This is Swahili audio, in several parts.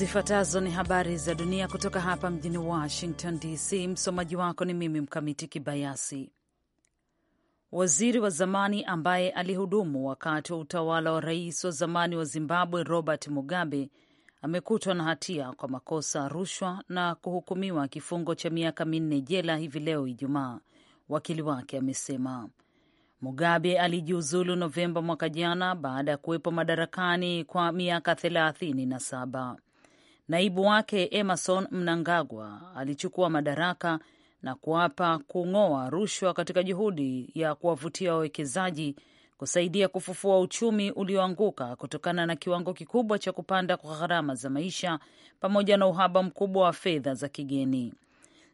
Zifuatazo ni habari za dunia kutoka hapa mjini Washington DC. Msomaji wako ni mimi Mkamiti Kibayasi. Waziri wa zamani ambaye alihudumu wakati wa utawala wa rais wa zamani wa Zimbabwe Robert Mugabe amekutwa na hatia kwa makosa rushwa na kuhukumiwa kifungo cha miaka minne jela hivi leo Ijumaa, wakili wake amesema. Mugabe alijiuzulu Novemba mwaka jana baada ya kuwepo madarakani kwa miaka thelathini na saba. Naibu wake Emerson Mnangagwa alichukua madaraka na kuapa kung'oa rushwa katika juhudi ya kuwavutia wawekezaji kusaidia kufufua uchumi ulioanguka kutokana na kiwango kikubwa cha kupanda kwa gharama za maisha pamoja na uhaba mkubwa wa fedha za kigeni.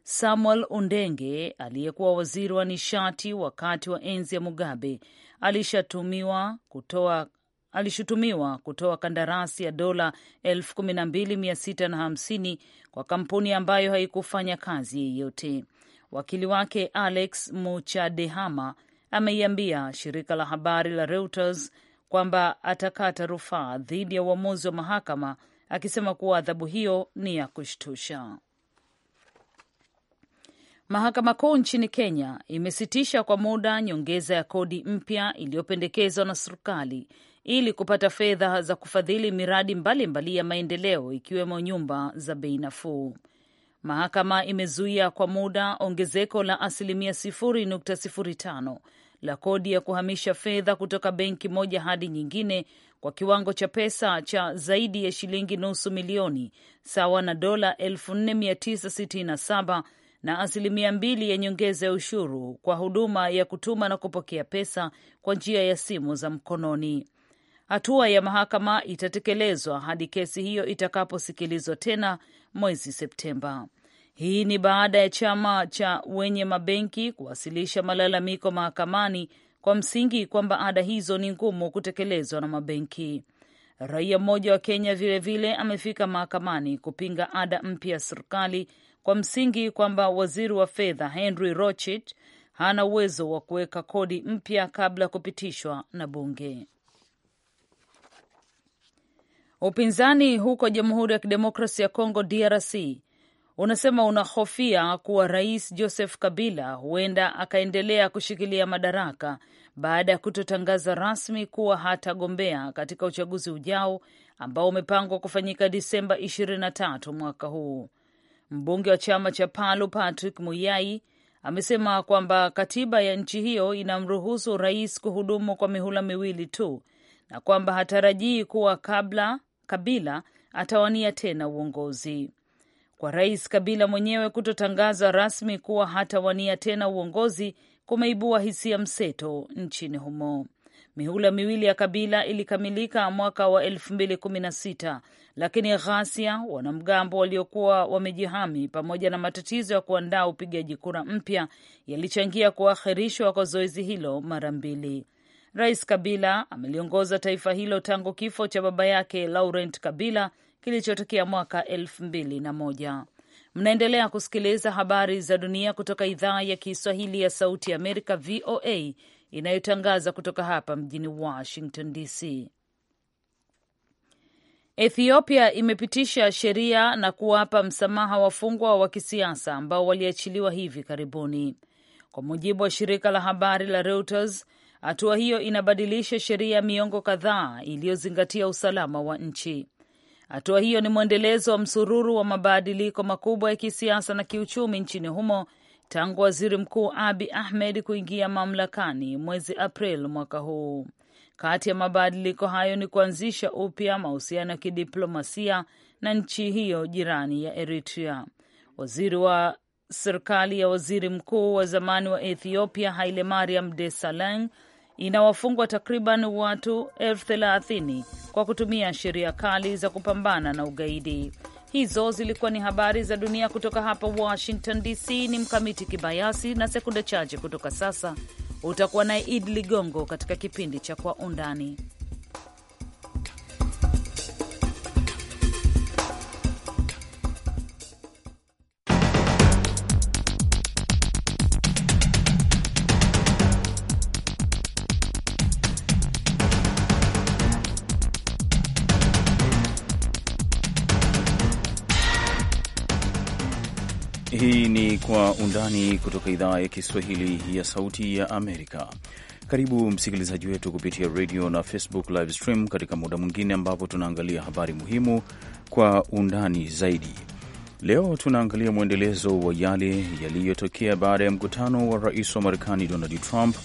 Samuel Undenge aliyekuwa waziri wa nishati wakati wa enzi ya Mugabe alishatumiwa kutoa alishutumiwa kutoa kandarasi ya dola 12650 kwa kampuni ambayo haikufanya kazi yeyote. Wakili wake Alex Muchadehama ameiambia shirika la habari la Reuters kwamba atakata rufaa dhidi ya uamuzi wa mahakama, akisema kuwa adhabu hiyo ni ya kushtusha. Mahakama Kuu nchini Kenya imesitisha kwa muda nyongeza ya kodi mpya iliyopendekezwa na serikali ili kupata fedha za kufadhili miradi mbalimbali mbali ya maendeleo ikiwemo nyumba za bei nafuu. Mahakama imezuia kwa muda ongezeko la asilimia 0.05 la kodi ya kuhamisha fedha kutoka benki moja hadi nyingine kwa kiwango cha pesa cha zaidi ya shilingi nusu milioni sawa na dola 4967 na asilimia mbili ya nyongeza ya ushuru kwa huduma ya kutuma na kupokea pesa kwa njia ya simu za mkononi. Hatua ya mahakama itatekelezwa hadi kesi hiyo itakaposikilizwa tena mwezi Septemba. Hii ni baada ya chama cha wenye mabenki kuwasilisha malalamiko mahakamani kwa msingi kwamba ada hizo ni ngumu kutekelezwa na mabenki. Raia mmoja wa Kenya vilevile vile amefika mahakamani kupinga ada mpya ya serikali kwa msingi kwamba waziri wa fedha Henry Rotich hana uwezo wa kuweka kodi mpya kabla ya kupitishwa na bunge. Upinzani huko Jamhuri ya Kidemokrasi ya Kongo, DRC, unasema unahofia kuwa Rais Joseph Kabila huenda akaendelea kushikilia madaraka baada ya kutotangaza rasmi kuwa hatagombea katika uchaguzi ujao ambao umepangwa kufanyika Disemba 23 mwaka huu. Mbunge wa chama cha Palu Patrick Muyai amesema kwamba katiba ya nchi hiyo inamruhusu rais kuhudumu kwa mihula miwili tu na kwamba hatarajii kuwa kabla Kabila atawania tena uongozi. Kwa Rais Kabila mwenyewe kutotangaza rasmi kuwa hatawania tena uongozi kumeibua hisia mseto nchini humo. Mihula miwili ya Kabila ilikamilika mwaka wa 2016 lakini ghasia, wanamgambo waliokuwa wamejihami, pamoja na matatizo ya kuandaa upigaji kura mpya yalichangia kuahirishwa kwa zoezi hilo mara mbili. Rais Kabila ameliongoza taifa hilo tangu kifo cha baba yake Laurent Kabila kilichotokea mwaka elfu mbili na moja. Mnaendelea kusikiliza habari za dunia kutoka idhaa ya Kiswahili ya Sauti ya Amerika, VOA, inayotangaza kutoka hapa mjini Washington DC. Ethiopia imepitisha sheria na kuwapa msamaha wafungwa wa kisiasa ambao waliachiliwa hivi karibuni, kwa mujibu wa shirika la habari la Reuters. Hatua hiyo inabadilisha sheria ya miongo kadhaa iliyozingatia usalama wa nchi. Hatua hiyo ni mwendelezo wa msururu wa mabadiliko makubwa ya kisiasa na kiuchumi nchini humo tangu waziri mkuu Abi Ahmed kuingia mamlakani mwezi april mwaka huu. Kati ya mabadiliko hayo ni kuanzisha upya mahusiano ya kidiplomasia na nchi hiyo jirani ya Eritrea. Waziri wa serikali ya waziri mkuu wa zamani wa Ethiopia Haile Mariam Desalegn inawafungwa takriban watu elfu thelathini kwa kutumia sheria kali za kupambana na ugaidi. Hizo zilikuwa ni habari za dunia kutoka hapa Washington DC. Ni Mkamiti Kibayasi, na sekunde chache kutoka sasa utakuwa naye Idi Ligongo katika kipindi cha Kwa Undani. Undani kutoka idhaa ya Kiswahili ya Sauti ya Amerika. Karibu msikilizaji wetu kupitia radio na Facebook live stream katika muda mwingine ambapo tunaangalia habari muhimu kwa undani zaidi. Leo tunaangalia mwendelezo wa yale yaliyotokea baada ya mkutano wa rais wa Marekani Donald Trump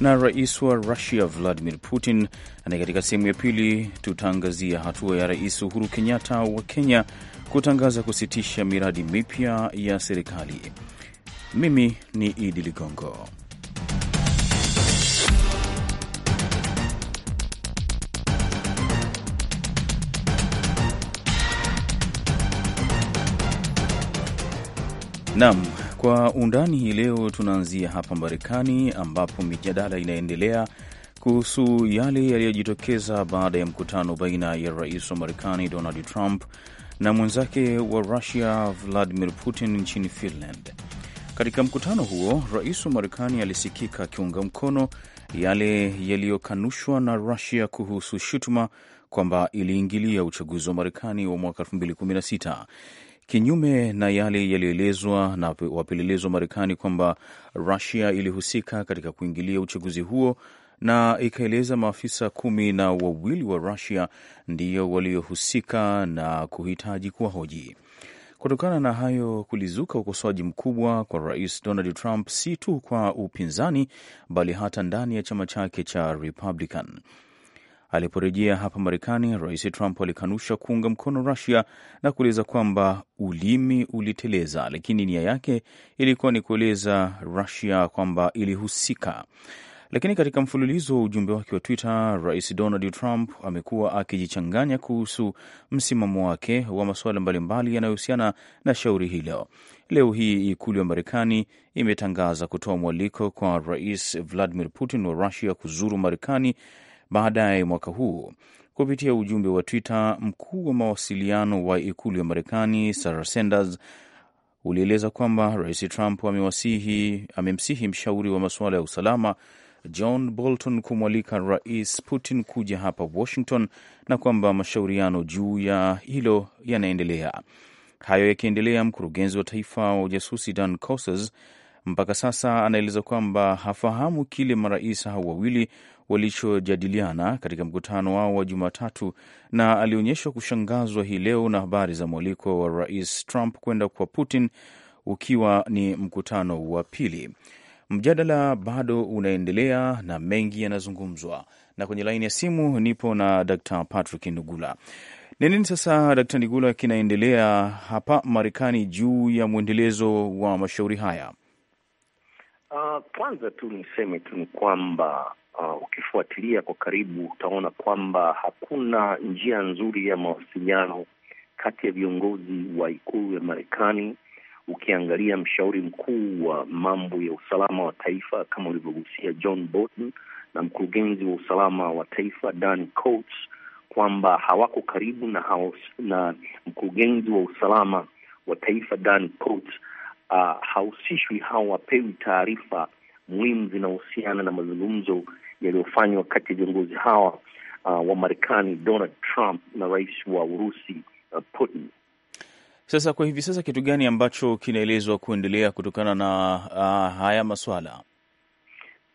na rais wa Russia Vladimir Putin, na katika sehemu ya pili tutaangazia hatua ya Rais Uhuru Kenyatta wa Kenya kutangaza kusitisha miradi mipya ya serikali. Mimi ni Idi Ligongo. Naam, kwa undani hii leo tunaanzia hapa Marekani ambapo mijadala inaendelea kuhusu yale yaliyojitokeza baada ya mkutano baina ya rais wa Marekani Donald Trump na mwenzake wa Russia Vladimir Putin nchini Finland. Katika mkutano huo, rais wa Marekani alisikika akiunga mkono yale yaliyokanushwa na Rusia kuhusu shutuma kwamba iliingilia uchaguzi wa Marekani wa mwaka 2016 kinyume na yale yaliyoelezwa na wapelelezi wa Marekani kwamba Rusia ilihusika katika kuingilia uchaguzi huo na ikaeleza maafisa kumi na wawili wa Rusia ndiyo waliohusika na kuhitaji kuwahoji. Kutokana na hayo, kulizuka ukosoaji mkubwa kwa Rais Donald Trump, si tu kwa upinzani, bali hata ndani ya chama chake cha Republican. Aliporejea hapa Marekani, Rais Trump alikanusha kuunga mkono Rusia na kueleza kwamba ulimi uliteleza, lakini nia yake ilikuwa ni kueleza Rusia kwamba ilihusika. Lakini katika mfululizo wa ujumbe wake wa Twitter, Rais Donald Trump amekuwa akijichanganya kuhusu msimamo wake wa masuala mbalimbali yanayohusiana na shauri hilo. Leo hii ikulu ya Marekani imetangaza kutoa mwaliko kwa Rais Vladimir Putin wa Rusia kuzuru Marekani baadaye mwaka huu. Kupitia ujumbe wa Twitter, mkuu wa mawasiliano wa ikulu ya Marekani Sarah Sanders ulieleza kwamba Rais Trump amemsihi mshauri wa masuala ya usalama John Bolton kumwalika Rais Putin kuja hapa Washington na kwamba mashauriano juu ya hilo yanaendelea. Hayo yakiendelea, mkurugenzi wa taifa wa ujasusi Dan Coses mpaka sasa anaeleza kwamba hafahamu kile marais hao wawili walichojadiliana katika mkutano wao wa Jumatatu, na alionyeshwa kushangazwa hii leo na habari za mwaliko wa Rais Trump kwenda kwa Putin ukiwa ni mkutano wa pili. Mjadala bado unaendelea na mengi yanazungumzwa, na kwenye laini ya simu nipo na Dr. Patrick Nugula. Ni nini sasa, Dr. nigula kinaendelea hapa Marekani juu ya mwendelezo wa mashauri haya? Ah, kwanza tu niseme tu ni kwamba uh, ukifuatilia kwa karibu utaona kwamba hakuna njia nzuri ya mawasiliano kati ya viongozi wa ikulu ya Marekani ukiangalia mshauri mkuu wa mambo ya usalama wa taifa kama ulivyogusia John Bolton na mkurugenzi wa usalama wa taifa Dan Coats kwamba hawako karibu na haos, na mkurugenzi wa usalama wa taifa Dan Coats uh, hahusishwi, wapewi taarifa muhimu zinahusiana na mazungumzo yaliyofanywa kati ya viongozi hawa uh, wa Marekani Donald Trump na rais wa Urusi uh, Putin. Sasa kwa hivi sasa kitu gani ambacho kinaelezwa kuendelea kutokana na uh, haya maswala?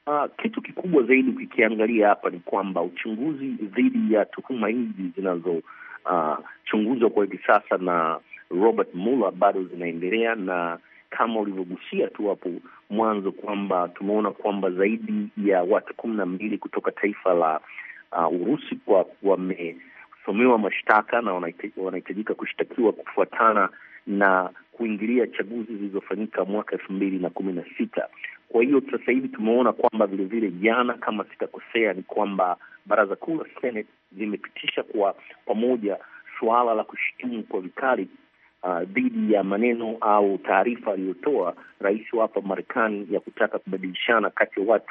Uh, kitu kikubwa zaidi ukikiangalia hapa ni kwamba uchunguzi dhidi ya tuhuma hizi zinazochunguzwa ah, uh, kwa hivi sasa na Robert Mueller bado zinaendelea, na kama ulivyogusia tu hapo mwanzo kwamba tumeona kwamba zaidi ya watu kumi na mbili kutoka taifa la uh, Urusi kwa wame wanasomewa mashtaka na wanahitajika kushtakiwa kufuatana na kuingilia chaguzi zilizofanyika mwaka elfu mbili na kumi na sita. Kwa hiyo sasa hivi tumeona kwamba vilevile jana, kama sitakosea, ni kwamba baraza kuu la Senate limepitisha kwa pamoja suala la kushutumu kwa vikali uh, dhidi uh, ya maneno au taarifa aliyotoa rais wa hapa Marekani ya kutaka kubadilishana kati ya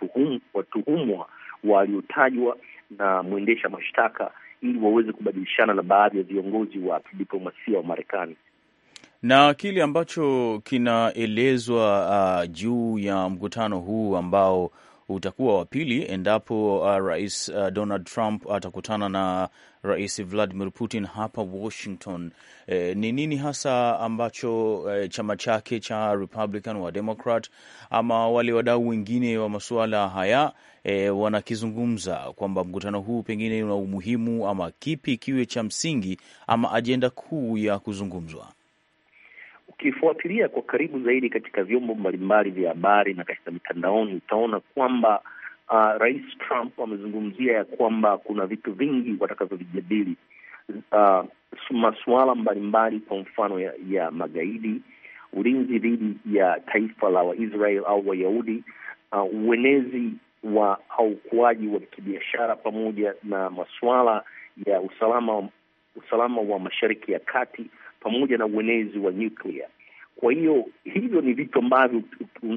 watuhumwa waliotajwa na mwendesha mashtaka ili waweze kubadilishana na baadhi ya viongozi wa kidiplomasia wa Marekani na kile ambacho kinaelezwa uh, juu ya mkutano huu ambao utakuwa wa pili endapo uh, rais uh, Donald Trump atakutana na rais Vladimir Putin hapa Washington. E, ni nini hasa ambacho e, chama chake cha Republican wa Democrat ama wale wadau wengine wa masuala haya e, wanakizungumza kwamba mkutano huu pengine una umuhimu ama kipi kiwe cha msingi ama ajenda kuu ya kuzungumzwa? Ukifuatilia kwa karibu zaidi katika vyombo mbalimbali vya habari na katika mitandaoni, utaona kwamba uh, Rais Trump amezungumzia ya kwamba kuna vitu vingi watakavyovijadili, uh, masuala mbalimbali, kwa mfano ya, ya magaidi, ulinzi dhidi ya taifa la Waisrael au Wayahudi, uh, uenezi wa au ukuaji wa kibiashara pamoja na masuala ya usalama usalama wa Mashariki ya Kati pamoja na uenezi wa nyuklia. Kwa hiyo hivyo ni vitu ambavyo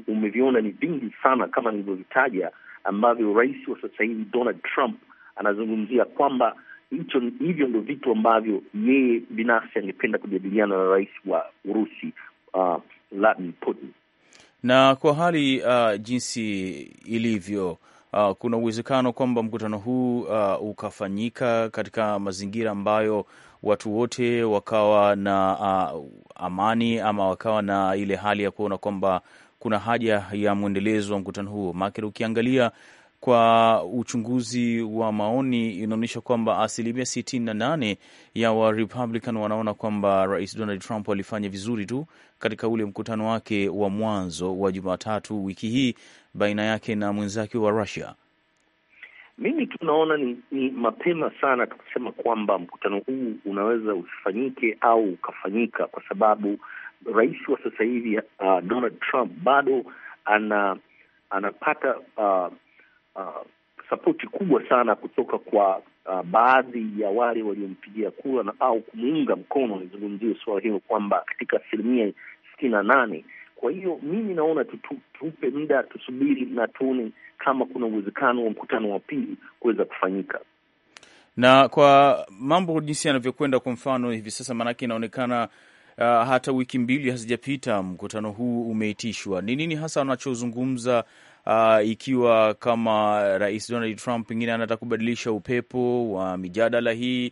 umeviona ni vingi sana kama nilivyovitaja, ambavyo rais wa sasa hivi Donald Trump anazungumzia kwamba hicho hivyo ndo vitu ambavyo yeye binafsi angependa kujadiliana na rais wa Urusi uh, Putin na kwa hali uh, jinsi ilivyo uh, kuna uwezekano kwamba mkutano huu uh, ukafanyika katika mazingira ambayo watu wote wakawa na uh, amani ama wakawa na ile hali ya kuona kwamba kuna haja ya mwendelezo wa mkutano huo. Maana ukiangalia kwa uchunguzi wa maoni inaonyesha kwamba asilimia sitini na nane ya wa Republican wanaona kwamba Rais Donald Trump alifanya vizuri tu katika ule mkutano wake wa mwanzo wa Jumatatu wiki hii baina yake na mwenzake wa Russia. Mimi tunaona ni, ni mapema sana tukusema kwamba mkutano huu unaweza usifanyike au ukafanyika, kwa sababu rais wa sasa hivi uh, Donald Trump bado ana anapata uh, uh, sapoti kubwa sana kutoka kwa uh, baadhi ya wale waliompigia kura na au kumuunga mkono, nizungumzie suala hilo kwamba katika asilimia sitini na nane. Kwa hiyo mimi naona tupe muda tusubiri na tuone kama kuna uwezekano wa mkutano wa pili kuweza kufanyika na kwa mambo jinsi yanavyokwenda, kwa mfano hivi sasa, maanake inaonekana uh, hata wiki mbili hazijapita mkutano huu umeitishwa. Ni nini hasa wanachozungumza uh, ikiwa kama Rais Donald Trump pengine anataka kubadilisha upepo wa mijadala hii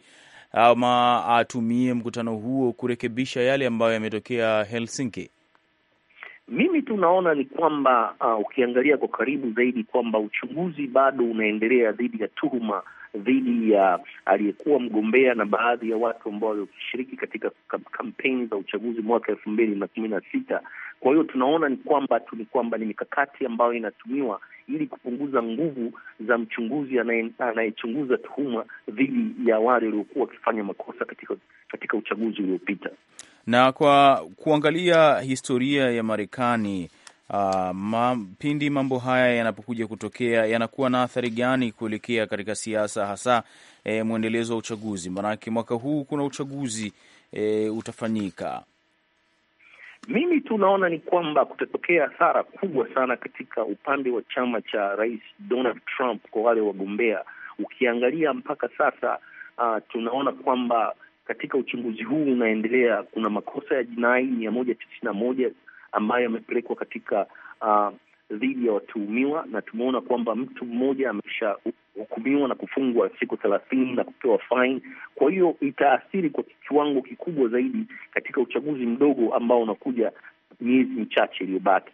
ama atumie mkutano huo kurekebisha yale ambayo yametokea Helsinki? Mimi naona ni kwamba uh, ukiangalia kwa karibu zaidi kwamba uchunguzi bado unaendelea dhidi ya tuhuma dhidi ya uh, aliyekuwa mgombea na baadhi ya watu ambao walishiriki katika kampeni za uchaguzi mwaka elfu mbili na kumi na sita kwa hiyo tunaona ni kwamba tu ni kwamba ni mikakati ambayo inatumiwa ili kupunguza nguvu za mchunguzi anayechunguza tuhuma dhidi ya wale waliokuwa wakifanya makosa katika, katika uchaguzi uliopita. Na kwa kuangalia historia ya Marekani, uh, ma, pindi mambo haya yanapokuja kutokea yanakuwa na athari gani kuelekea katika siasa hasa eh, mwendelezo wa uchaguzi? Maanake mwaka huu kuna uchaguzi eh, utafanyika mimi tu naona ni kwamba kutatokea hasara kubwa sana katika upande wa chama cha Rais Donald Trump kwa wale wagombea. Ukiangalia mpaka sasa, uh, tunaona kwamba katika uchunguzi huu unaendelea, kuna makosa ya jinai mia moja tisini na moja ambayo yamepelekwa katika uh, dhidi ya watuhumiwa, na tumeona kwamba mtu mmoja ameshahukumiwa na kufungwa siku thelathini na kupewa fine. Kwa hiyo itaathiri kwa kiwango kikubwa zaidi katika uchaguzi mdogo ambao unakuja miezi michache iliyobaki.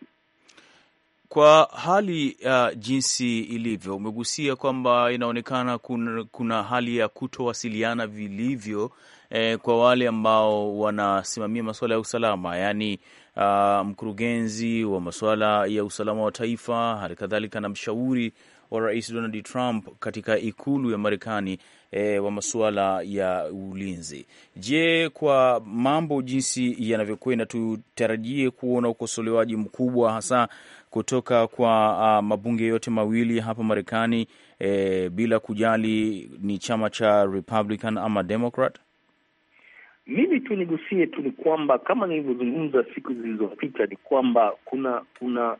Kwa hali ya uh, jinsi ilivyo, umegusia kwamba inaonekana kuna, kuna hali ya kutowasiliana vilivyo eh, kwa wale ambao wanasimamia masuala ya usalama, yaani uh, mkurugenzi wa masuala ya usalama wa taifa, hali kadhalika na mshauri wa Rais Donald Trump katika ikulu ya Marekani eh, wa masuala ya ulinzi. Je, kwa mambo jinsi yanavyokwenda, tutarajie kuona ukosolewaji mkubwa hasa kutoka kwa uh, mabunge yote mawili hapa Marekani eh, bila kujali ni chama cha Republican ama Democrat? Mimi tu nigusie tu ni kwamba kama nilivyozungumza siku zilizopita, ni kwamba kuna kuna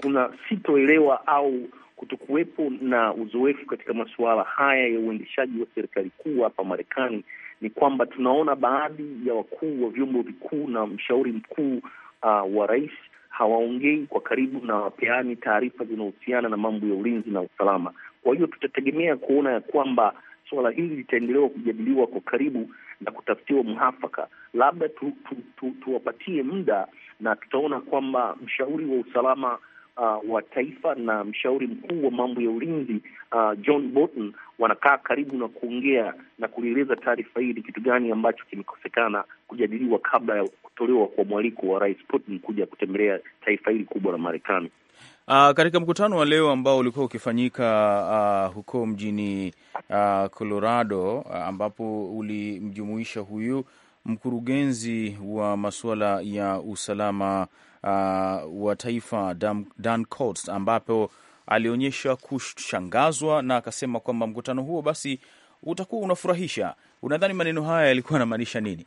kuna sitoelewa au kutokuwepo na uzoefu katika masuala haya ya uendeshaji wa serikali kuu hapa Marekani, ni kwamba tunaona baadhi ya wakuu wa vyombo vikuu na mshauri mkuu uh, wa rais hawaongei kwa karibu na wapeani taarifa zinahusiana na mambo ya ulinzi na usalama. Kwa hiyo tutategemea kuona ya kwamba suala hili litaendelewa kujadiliwa kwa karibu na kutafutiwa mhafaka, labda tu, tu, tu, tuwapatie muda na tutaona kwamba mshauri wa usalama uh, wa taifa na mshauri mkuu wa mambo ya ulinzi uh, John Bolton wanakaa karibu na kuongea na kulieleza taarifa hii, ni kitu gani ambacho kimekosekana kujadiliwa kabla ya kutolewa kwa mwaliko wa Rais Putin kuja kutembelea taifa hili kubwa la Marekani. Uh, katika mkutano wa leo ambao ulikuwa ukifanyika uh, huko mjini uh, Colorado uh, ambapo ulimjumuisha huyu mkurugenzi wa masuala ya usalama uh, wa taifa Dan Coats, ambapo alionyesha kushangazwa na akasema kwamba mkutano huo basi utakuwa unafurahisha. Unadhani maneno haya yalikuwa anamaanisha nini?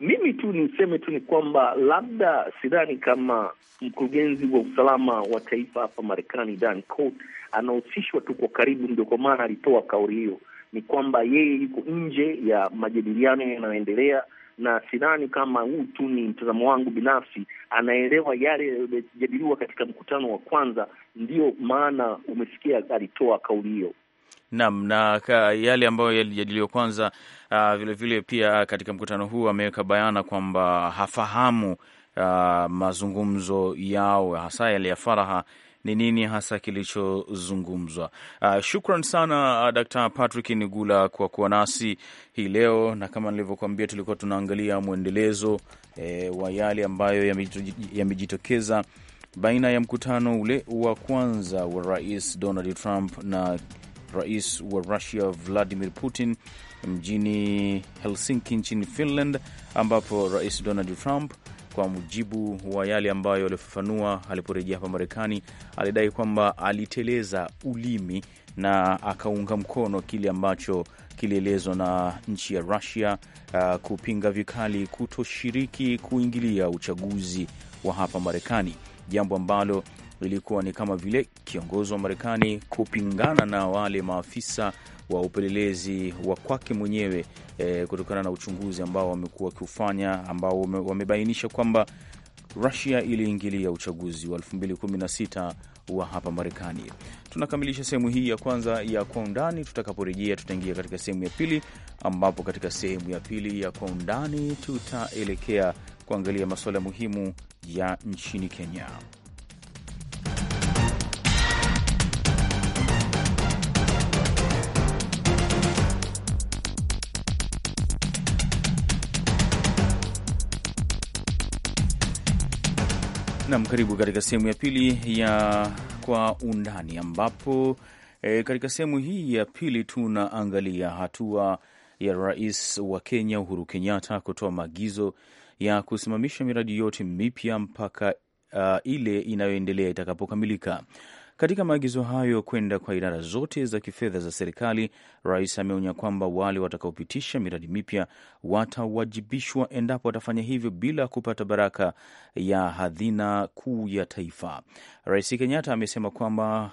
Mimi tu niseme tu ni kwamba labda sidhani kama mkurugenzi wa usalama wa taifa hapa Marekani Dan Coats anahusishwa tu kwa karibu, ndio kwa maana alitoa kauli hiyo. Ni kwamba yeye yuko nje ya majadiliano yanayoendelea na sidhani kama huu tu ni mtazamo wangu binafsi, anaelewa yale yaliyojadiliwa katika mkutano wa kwanza, ndiyo maana umesikia alitoa kauli hiyo. Naam, na yale ambayo yalijadiliwa kwanza, vilevile ah, uh, vile pia katika mkutano huu ameweka bayana kwamba hafahamu uh, mazungumzo yao hasa yale ya faraha ni nini hasa kilichozungumzwa. Uh, shukran sana uh, Dr. Patrick Nigula kwa kuwa nasi hii leo, na kama nilivyokuambia tulikuwa tunaangalia mwendelezo eh, wa yale ambayo yamejitokeza baina ya mkutano ule wa kwanza wa Rais Donald Trump na rais wa Russia Vladimir Putin mjini Helsinki nchini Finland, ambapo Rais Donald Trump kwa mujibu wa yale ambayo alifafanua aliporejea hapa Marekani, alidai kwamba aliteleza ulimi na akaunga mkono kile ambacho kilielezwa na nchi ya Rusia uh, kupinga vikali kutoshiriki kuingilia uchaguzi wa hapa Marekani, jambo ambalo ilikuwa ni kama vile kiongozi wa Marekani kupingana na wale maafisa wa upelelezi wa kwake mwenyewe e, kutokana na uchunguzi ambao wamekuwa wakiufanya ambao wamebainisha kwamba Rusia iliingilia uchaguzi wa 2016 wa hapa Marekani. Tunakamilisha sehemu hii ya kwanza ya Kwa Undani. Tutakaporejea tutaingia katika sehemu ya pili, ambapo katika sehemu ya pili ya Kwa Undani tutaelekea kuangalia masuala muhimu ya nchini Kenya. Nam, karibu katika sehemu ya pili ya Kwa Undani, ambapo e, katika sehemu hii ya pili tunaangalia hatua ya rais wa Kenya Uhuru Kenyatta kutoa maagizo ya kusimamisha miradi yote mipya mpaka uh, ile inayoendelea itakapokamilika. Katika maagizo hayo kwenda kwa idara zote za kifedha za serikali, rais ameonya kwamba wale watakaopitisha miradi mipya watawajibishwa endapo watafanya hivyo bila kupata baraka ya hadhina kuu ya taifa. Rais Kenyatta amesema kwamba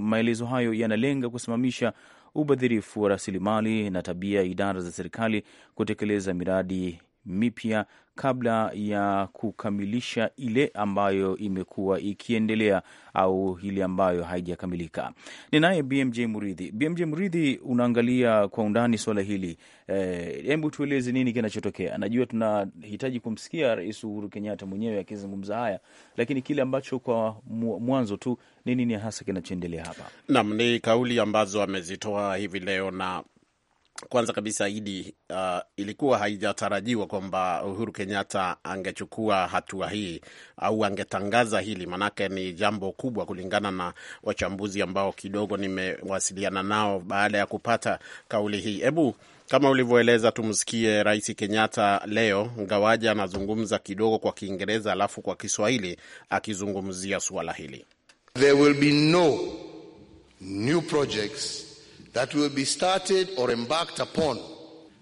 maelezo hayo yanalenga kusimamisha ubadhirifu wa rasilimali na tabia ya idara za serikali kutekeleza miradi mipya kabla ya kukamilisha ile ambayo imekuwa ikiendelea au ile ambayo haijakamilika. Ni naye BMJ Muridhi. BMJ Muridhi, unaangalia kwa undani swala hili, eh, hebu e, tueleze nini kinachotokea. Najua tunahitaji kumsikia Rais Uhuru Kenyatta mwenyewe akizungumza haya, lakini kile ambacho kwa mwanzo tu ni nini hasa kinachoendelea hapa? Naam, ni kauli ambazo amezitoa hivi leo na kwanza kabisa Idi, uh, ilikuwa haijatarajiwa kwamba Uhuru Kenyatta angechukua hatua hii au angetangaza hili, maanake ni jambo kubwa kulingana na wachambuzi ambao kidogo nimewasiliana nao baada ya kupata kauli hii. Hebu kama ulivyoeleza, tumsikie Rais Kenyatta leo, ngawaja anazungumza kidogo kwa Kiingereza alafu kwa Kiswahili akizungumzia suala hili. There will be no new projects that will be started or embarked upon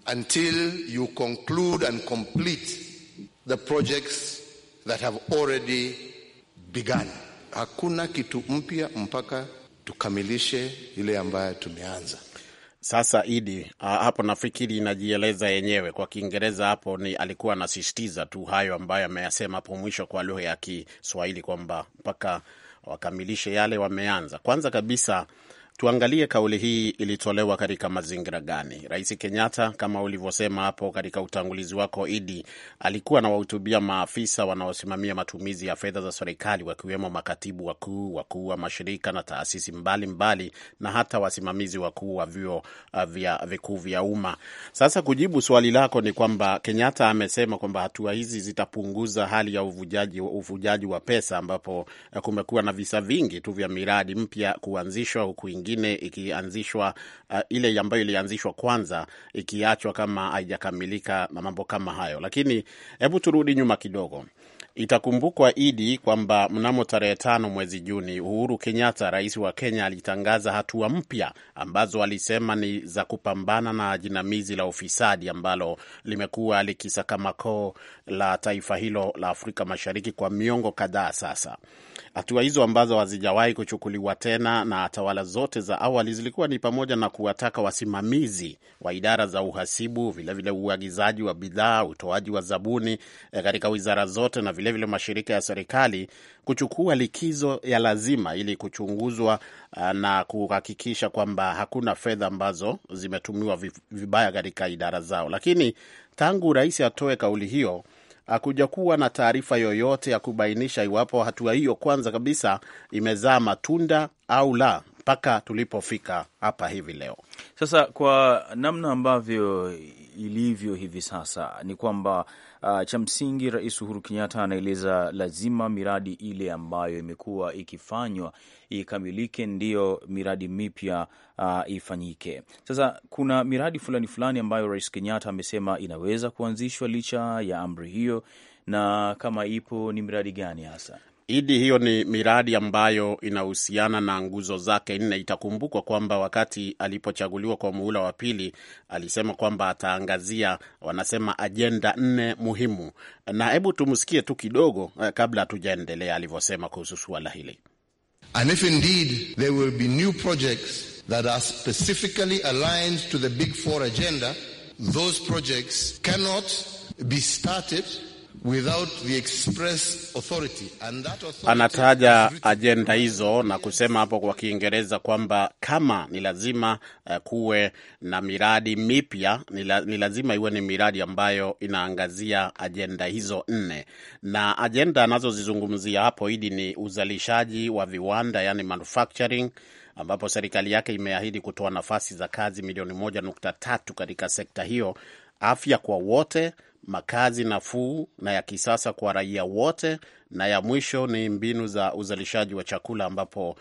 until you conclude and complete the projects that have already begun. Hakuna kitu mpya mpaka tukamilishe ile ambayo tumeanza. Sasa Idi, hapo nafikiri inajieleza yenyewe kwa Kiingereza. Hapo ni alikuwa anasisitiza tu hayo ambayo ameyasema hapo mwisho kwa lugha ya Kiswahili kwamba mpaka wakamilishe yale wameanza. Kwanza kabisa Tuangalie kauli hii ilitolewa katika mazingira gani? Rais Kenyatta, kama ulivyosema hapo katika utangulizi wako Idi, alikuwa anawahutubia maafisa wanaosimamia matumizi ya fedha za serikali, wakiwemo makatibu wakuu, wakuu wa mashirika na taasisi mbalimbali mbali, na hata wasimamizi wakuu wa vyuo uh, vikuu vya umma. Sasa kujibu swali lako ni kwamba Kenyatta amesema kwamba hatua hizi zitapunguza hali ya uvujaji, uvujaji wa pesa, ambapo uh, kumekuwa na visa vingi tu vya miradi mpya kuanzishwa huku nyingine ikianzishwa uh, ile ambayo ilianzishwa kwanza ikiachwa kama haijakamilika na mambo kama hayo. Lakini hebu turudi nyuma kidogo. Itakumbukwa Idi kwamba mnamo tarehe tano mwezi Juni, Uhuru Kenyatta, rais wa Kenya, alitangaza hatua mpya ambazo alisema ni za kupambana na jinamizi la ufisadi ambalo limekuwa likisakamakoo la taifa hilo la Afrika Mashariki kwa miongo kadhaa sasa. Hatua hizo ambazo hazijawahi kuchukuliwa tena na tawala zote za awali zilikuwa ni pamoja na kuwataka wasimamizi wa idara za uhasibu, vilevile uagizaji wa bidhaa, utoaji wa zabuni eh, katika wizara zote na vilevile vile mashirika ya serikali kuchukua likizo ya lazima ili kuchunguzwa eh, na kuhakikisha kwamba hakuna fedha ambazo zimetumiwa vibaya katika idara zao. Lakini tangu rais atoe kauli hiyo hakuja kuwa na taarifa yoyote ya kubainisha iwapo hatua hiyo kwanza kabisa imezaa matunda au la, mpaka tulipofika hapa hivi leo. Sasa kwa namna ambavyo ilivyo hivi sasa ni kwamba uh, cha msingi Rais Uhuru Kenyatta anaeleza lazima miradi ile ambayo imekuwa ikifanywa ikamilike, ndiyo miradi mipya uh, ifanyike. Sasa kuna miradi fulani fulani ambayo Rais Kenyatta amesema inaweza kuanzishwa licha ya amri hiyo, na kama ipo ni miradi gani hasa? Idi, hiyo ni miradi ambayo inahusiana na nguzo zake nne. Itakumbukwa kwamba wakati alipochaguliwa kwa muhula wa pili alisema kwamba ataangazia, wanasema ajenda nne muhimu, na hebu tumsikie tu kidogo eh, kabla hatujaendelea alivyosema kuhusu suala hili. And if indeed there will be new projects that are specifically aligned to the big four agenda, those projects cannot be started Anataja ajenda hizo na kusema hapo kwa Kiingereza kwamba kama ni lazima uh, kuwe na miradi mipya, ni lazima iwe ni miradi ambayo inaangazia ajenda hizo nne, na ajenda anazozizungumzia hapo hidi ni uzalishaji wa viwanda, yani manufacturing ambapo serikali yake imeahidi kutoa nafasi za kazi milioni moja nukta tatu katika sekta hiyo, afya kwa wote makazi nafuu na ya kisasa kwa raia wote na ya mwisho ni mbinu za uzalishaji wa chakula ambapo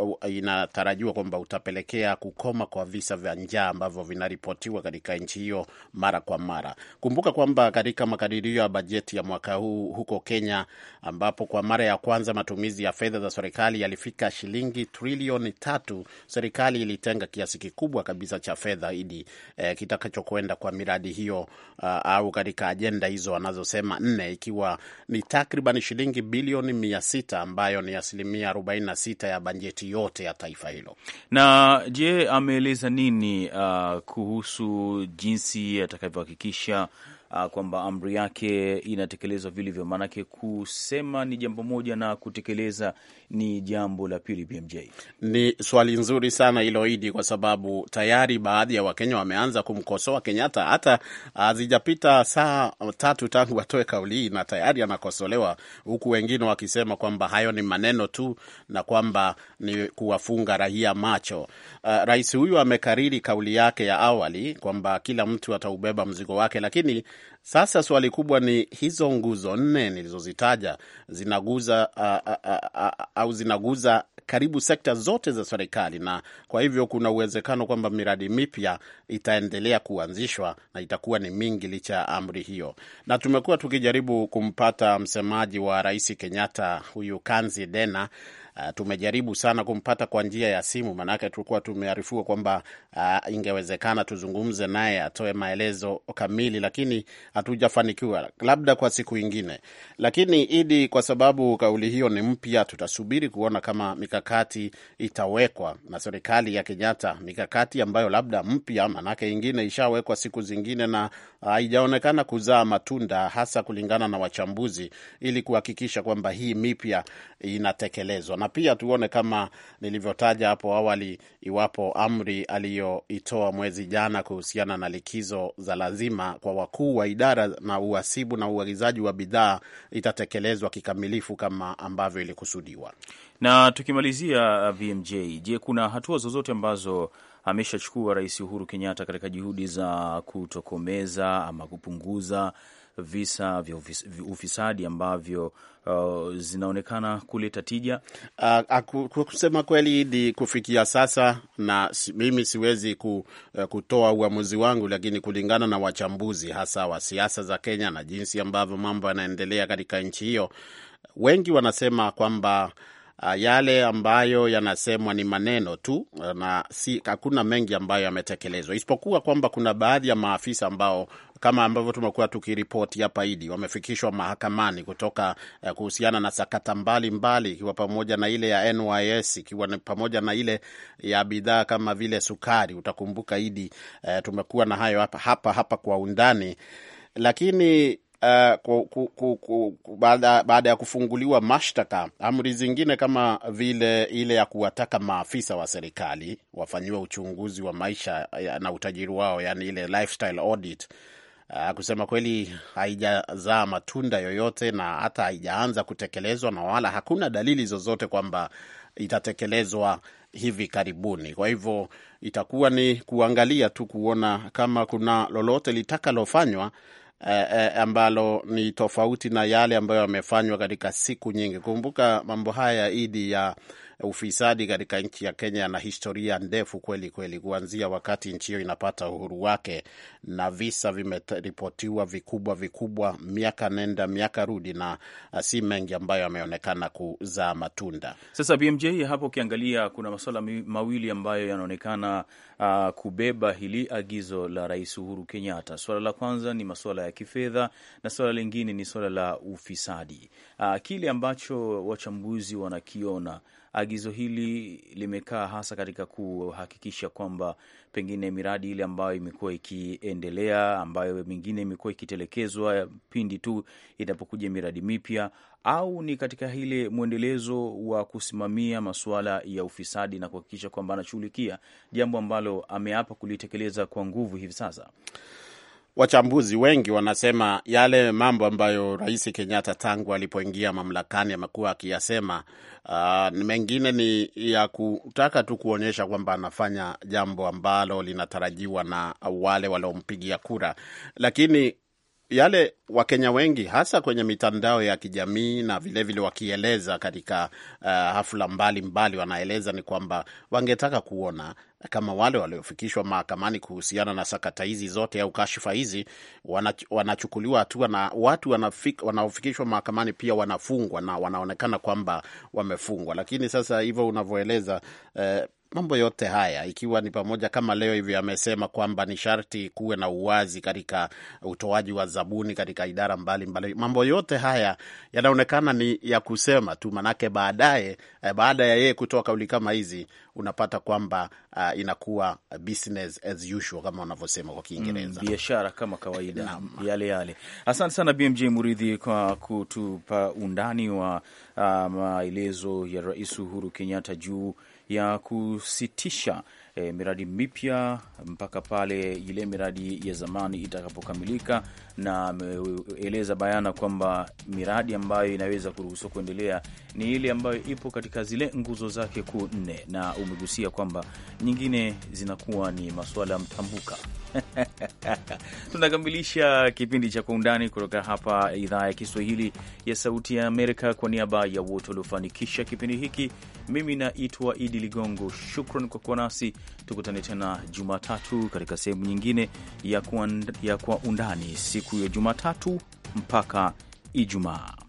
uh, inatarajiwa kwamba utapelekea kukoma kwa visa vya njaa ambavyo vinaripotiwa katika nchi hiyo mara kwa mara. Kumbuka kwamba katika makadirio ya bajeti ya mwaka huu huko Kenya, ambapo kwa mara ya kwanza matumizi ya fedha za serikali yalifika shilingi trilioni tatu, serikali ilitenga kiasi kikubwa kabisa cha fedha idi eh, kitakachokwenda kwa miradi hiyo uh, au katika ajenda hizo wanazosema nne, ikiwa ni takriban shilingi shilingi bilioni mia sita ambayo ni asilimia 46 ya bajeti yote ya taifa hilo. Na je, ameeleza nini uh, kuhusu jinsi atakavyohakikisha uh, kwamba amri yake inatekelezwa vilivyo. Maanake kusema ni jambo moja na kutekeleza ni jambo la pili. BMJ, ni swali nzuri sana hilo Idi, kwa sababu tayari baadhi ya Wakenya wameanza kumkosoa Kenyatta. Hata hazijapita saa tatu tangu atoe kauli hii na tayari anakosolewa, huku wengine wakisema kwamba hayo ni maneno tu na kwamba ni kuwafunga raia macho. Uh, rais huyu amekariri kauli yake ya awali kwamba kila mtu ataubeba mzigo wake, lakini sasa swali kubwa ni hizo nguzo nne nilizozitaja zinaguza au zinaguza karibu sekta zote za serikali, na kwa hivyo kuna uwezekano kwamba miradi mipya itaendelea kuanzishwa na itakuwa ni mingi licha ya amri hiyo. Na tumekuwa tukijaribu kumpata msemaji wa Rais Kenyatta, huyu Kanzi Dena Uh, tumejaribu sana kumpata kwa njia ya simu, maanake tulikuwa tumearifiwa kwamba uh, ingewezekana tuzungumze naye atoe maelezo kamili, lakini hatujafanikiwa, labda kwa siku ingine. Lakini Idi, kwa sababu kauli hiyo ni mpya, tutasubiri kuona kama mikakati itawekwa na serikali ya Kenyatta, mikakati ambayo labda mpya, maanake ingine ishawekwa siku zingine na ah, haijaonekana uh, kuzaa matunda, hasa kulingana na wachambuzi, ili kuhakikisha kwamba hii mipya inatekelezwa na pia tuone kama nilivyotaja hapo awali, iwapo amri aliyoitoa mwezi jana kuhusiana na likizo za lazima kwa wakuu wa idara na uhasibu na uagizaji wa bidhaa itatekelezwa kikamilifu kama ambavyo ilikusudiwa. Na tukimalizia BMJ, uh, je, kuna hatua zozote ambazo ameshachukua Rais Uhuru Kenyatta katika juhudi za kutokomeza ama kupunguza visa vya ufisadi ambavyo uh, zinaonekana kuleta tija. Uh, kusema kweli ni kufikia sasa, na mimi siwezi ku, uh, kutoa uamuzi wangu, lakini kulingana na wachambuzi hasa wa siasa za Kenya na jinsi ambavyo mambo yanaendelea katika nchi hiyo, wengi wanasema kwamba Ah, yale ambayo yanasemwa ni maneno tu na si, hakuna mengi ambayo yametekelezwa, isipokuwa kwamba kuna baadhi ya maafisa ambao kama ambavyo tumekuwa tukiripoti hapa Idi, wamefikishwa mahakamani kutoka eh, kuhusiana na sakata mbalimbali, ikiwa pamoja na ile ya NYS, ikiwa pamoja na ile ya bidhaa kama vile sukari. Utakumbuka Idi, eh, tumekuwa na hayo hapa hapa hapa kwa undani, lakini uh, baada, ya kufunguliwa mashtaka, amri zingine kama vile ile ya kuwataka maafisa wa serikali wafanyiwe uchunguzi wa maisha na utajiri wao, yani ile lifestyle audit uh, kusema kweli haijazaa matunda yoyote na hata haijaanza kutekelezwa na wala hakuna dalili zozote kwamba itatekelezwa hivi karibuni. Kwa hivyo itakuwa ni kuangalia tu kuona kama kuna lolote litakalofanywa eh, eh, ambalo ni tofauti na yale ambayo yamefanywa katika siku nyingi. Kumbuka mambo haya idi ya ufisadi katika nchi ya Kenya yana historia ndefu kweli kweli, kuanzia wakati nchi hiyo inapata uhuru wake, na visa vimeripotiwa vikubwa vikubwa, miaka nenda miaka rudi, na eh, si mengi ambayo yameonekana kuzaa matunda. Sasa BMJ, hapo ukiangalia kuna masuala mawili ambayo yanaonekana uh, kubeba hili agizo la Rais Uhuru Kenyatta. Suala la kwanza ni masuala ya kifedha na suala lingine ni suala la ufisadi. Uh, kile ambacho wachambuzi wanakiona agizo hili limekaa hasa katika kuhakikisha kwamba pengine miradi ile ambayo imekuwa ikiendelea, ambayo mingine imekuwa ikitelekezwa pindi tu inapokuja miradi mipya au ni katika ile mwendelezo wa kusimamia masuala ya ufisadi na kuhakikisha kwamba anashughulikia jambo ambalo ameapa kulitekeleza kwa nguvu hivi sasa? Wachambuzi wengi wanasema yale mambo ambayo Rais Kenyatta tangu alipoingia mamlakani amekuwa akiyasema, uh, mengine ni ya kutaka tu kuonyesha kwamba anafanya jambo ambalo linatarajiwa na wale waliompigia kura, lakini yale Wakenya wengi hasa kwenye mitandao ya kijamii na vilevile wakieleza katika uh, hafla mbalimbali, wanaeleza ni kwamba wangetaka kuona kama wale waliofikishwa mahakamani kuhusiana na sakata hizi zote au kashfa hizi wanachukuliwa hatua na watu wanaofikishwa mahakamani pia wanafungwa na wanaonekana kwamba wamefungwa. Lakini sasa hivyo unavyoeleza, eh, mambo yote haya ikiwa ni pamoja kama leo hivyo amesema kwamba ni sharti kuwe na uwazi katika utoaji wa zabuni katika idara mbalimbali mbali. Mambo yote haya yanaonekana ni ya kusema tu, manake baadaye, eh, baada ya yeye kutoa kauli kama hizi, unapata kwamba uh, inakuwa business as usual kama wanavyosema kwa Kiingereza, mm, kama kawaida yale yale. Asante sana BMJ Muridhi kwa kutupa undani wa uh, maelezo ya Rais Uhuru Kenyatta juu ya kusitisha e, miradi mipya mpaka pale ile miradi ya zamani itakapokamilika, na ameeleza bayana kwamba miradi ambayo inaweza kuruhusiwa kuendelea ni ile ambayo ipo katika zile nguzo zake kuu nne, na umegusia kwamba nyingine zinakuwa ni masuala ya mtambuka Tunakamilisha kipindi cha Kwa Undani kutoka hapa idhaa ya Kiswahili ya Sauti ya Amerika. Kwa niaba ya wote waliofanikisha kipindi hiki, mimi naitwa Idi Ligongo. Shukran kwa kuwa nasi, tukutane tena Jumatatu katika sehemu nyingine ya Kwa, ya Kwa Undani siku ya Jumatatu mpaka Ijumaa.